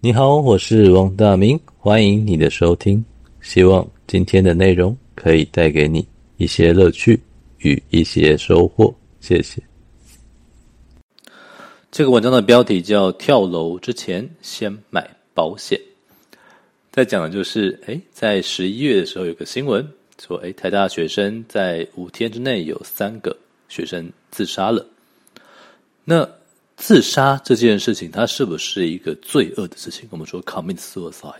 你好，我是王大明，歡迎你的收聽。希望今天的內容可以帶給你一些樂趣與一些收穫。謝謝。這個文章的標題叫《跳樓之前先買保險》，在講的就是，哎，在十一月的時候有個新聞。說：“哎，台大學生在五天之內有三個學生自殺了。那自殺這件事情，它是不是一個罪惡的事情？我們說 commit suicide，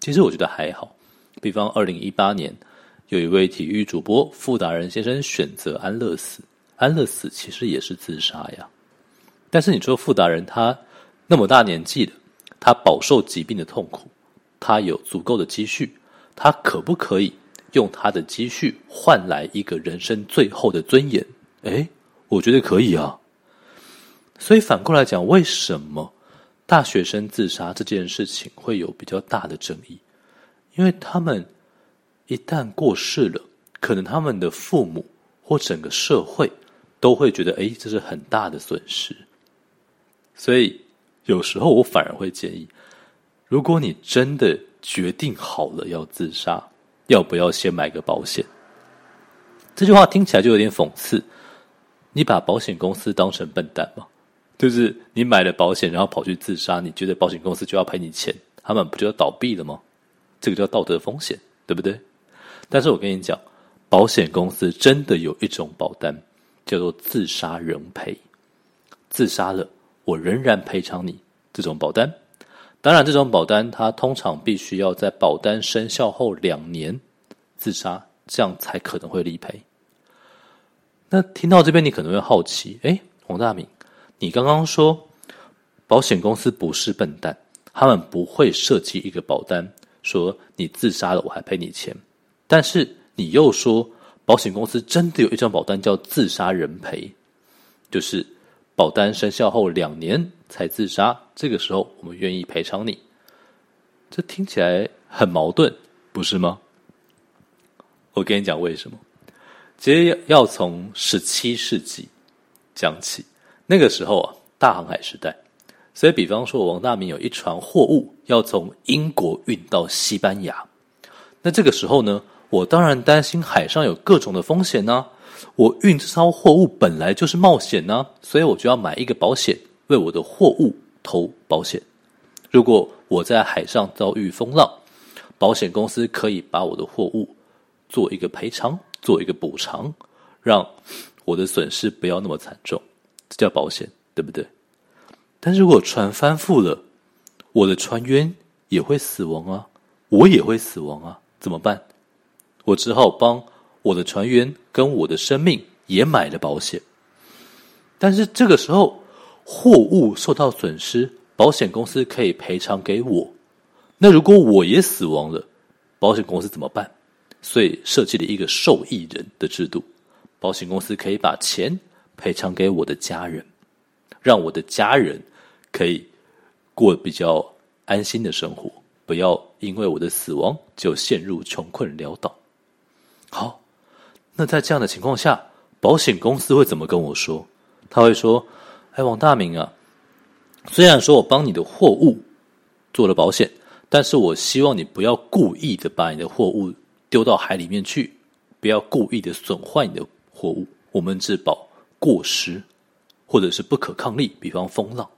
其實我覺得還好。比方二零一八年，有一位體育主播傅達仁先生選擇安樂死，安樂死其實也是自殺呀。但是你說傅達仁他那麼大年紀了，他飽受疾病的痛苦，他有足夠的積蓄，他可不可以？”用他的積蓄換來一個人生最後的尊嚴，誒，我覺得可以啊。所以反過來講，為什麼大學生自殺這件事情會有比較大的爭議？因為他們一旦過世了，可能他們的父母或整個社會都會覺得，誒，這是很大的損失。所以有時候我反而會建議，如果你真的決定好了要自殺，要不要先買個保險？這句話聽起來就有點諷刺。你把保險公司當成笨蛋嗎？就是你買了保險，然後跑去自殺，你覺得保險公司就要賠你錢？他們不就要倒閉了嗎？這個叫道德風險，對不對？但是我跟你講，保險公司真的有一種保單叫做自殺仍賠，自殺了我仍然賠償你這種保單。當然，這種保單它通常必須要在保單生效後兩年自殺，這樣才可能會理賠。那聽到這邊，你可能會好奇，誒，王大明，你剛剛說保險公司不是笨蛋，他們不會設計一個保單說你自殺了我還賠你錢，但是你又說保險公司真的有一張保單叫自殺仍賠，就是。保單生效後兩年才自殺，這個時候我們願意賠償你。這聽起來很矛盾，不是嗎？我跟你講為什麼，其實要從十七世紀講起。那個時候啊，大航海時代，所以比方說，王大明有一船貨物要從英國運到西班牙，那這個時候呢，我當然擔心海上有各種的風險呢、啊。我運這艘貨物本來就是冒險呢、啊，所以我就要買一個保險，為我的貨物投保險。如果我在海上遭遇風浪，保險公司可以把我的貨物做一個賠償，做一個補償，讓我的損失不要那麼慘重。這叫保險，對不對？但是如果船翻覆了，我的船員也會死亡啊，我也會死亡啊，怎麼辦？我只好幫。我的船員跟我的生命也買了保險，但是這個時候貨物受到損失，保險公司可以賠償給我。那如果我也死亡了，保險公司怎麼辦？所以設計了一個受益人的制度，保險公司可以把錢賠償給我的家人，讓我的家人可以過比較安心的生活，不要因為我的死亡就陷入窮困潦倒。好。那在這樣的情況下，保險公司會怎麼跟我說？他會說：“哎，王大明啊，雖然說我幫你的貨物做了保險，但是我希望你不要故意的把你的貨物丟到海裡面去，不要故意的損壞你的貨物。我們只保過失或者是不可抗力，比方風浪。”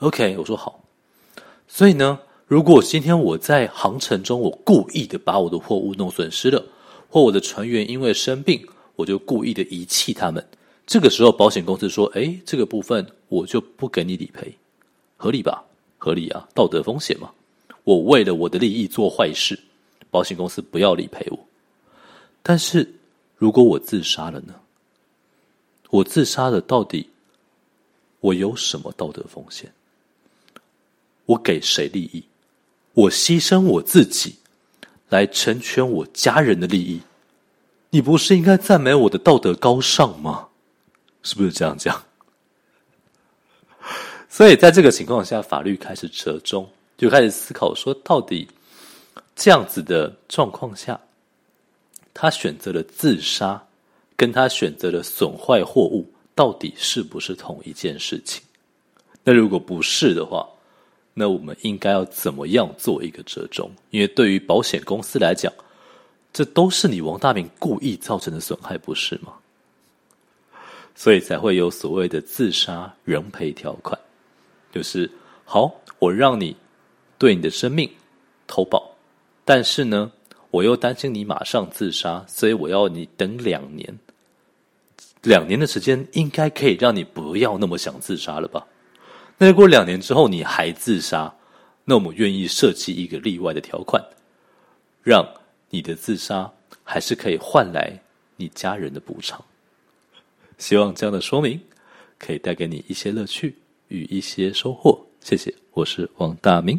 OK，我說好。所以呢，如果今天我在航程中，我故意的把我的貨物弄損失了。或我的船員因為生病，我就故意的遺棄他們。這個時候，保險公司說：“誒，這個部分我就不給你理賠，合理吧？合理啊，道德風險嘛。我為了我的利益做壞事，保險公司不要理賠我。但是，如果我自殺了呢？我自殺了，到底我有什麼道德風險？我給誰利益？我犧牲我自己。”來成全我家人的利益，你不是應該讚美我的道德高尚嗎？是不是這樣講？所以，在這個情況下，法律開始折中，就開始思考說，到底這樣子的狀況下，他選擇了自殺，跟他選擇了損壞貨物，到底是不是同一件事情？那如果不是的話。那我們應該要怎麼樣做一個折中？因為對於保險公司來講，這都是你王大明故意造成的損害，不是嗎？所以才會有所謂的自殺仍賠條款，就是好，我讓你對你的生命投保，但是呢，我又擔心你馬上自殺，所以我要你等兩年，兩年的時間應該可以讓你不要那麼想自殺了吧。再過兩年之後，你還自殺，那我們願意設計一個例外的條款，讓你的自殺還是可以換來你家人的補償。希望這樣的說明可以帶給你一些樂趣與一些收穫。謝謝，我是王大明。